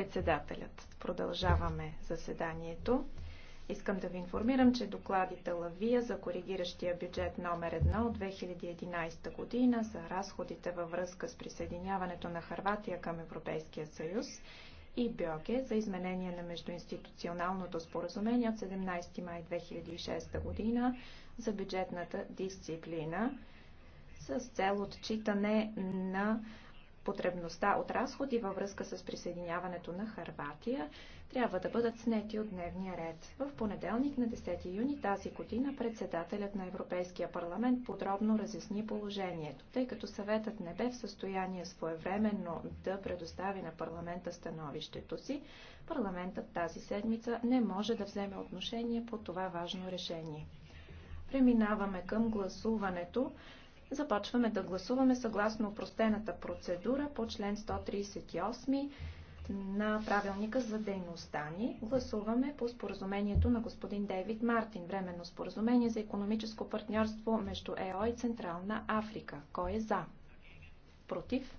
Председателят. Продължаваме заседанието. Искам да ви информирам, че докладите Лавия за коригиращия бюджет номер 1 от 2011 година за разходите във връзка с присъединяването на Харватия към Европейския съюз и Бьоге за изменение на междуинституционалното споразумение от 17 май 2006 година за бюджетната дисциплина с цел отчитане на потребността от разходи във връзка с присъединяването на Харватия трябва да бъдат снети от дневния ред. В понеделник на 10 юни тази година председателят на Европейския парламент подробно разясни положението, тъй като съветът не бе в състояние своевременно да предостави на парламента становището си. Парламентът тази седмица не може да вземе отношение по това важно решение. Преминаваме към гласуването Започваме да гласуваме съгласно простената процедура по член 138 на правилника за дейността ни. Гласуваме по споразумението на господин Дейвид Мартин, временно споразумение за економическо партньорство между ЕО и Централна Африка. Кой е за? Против?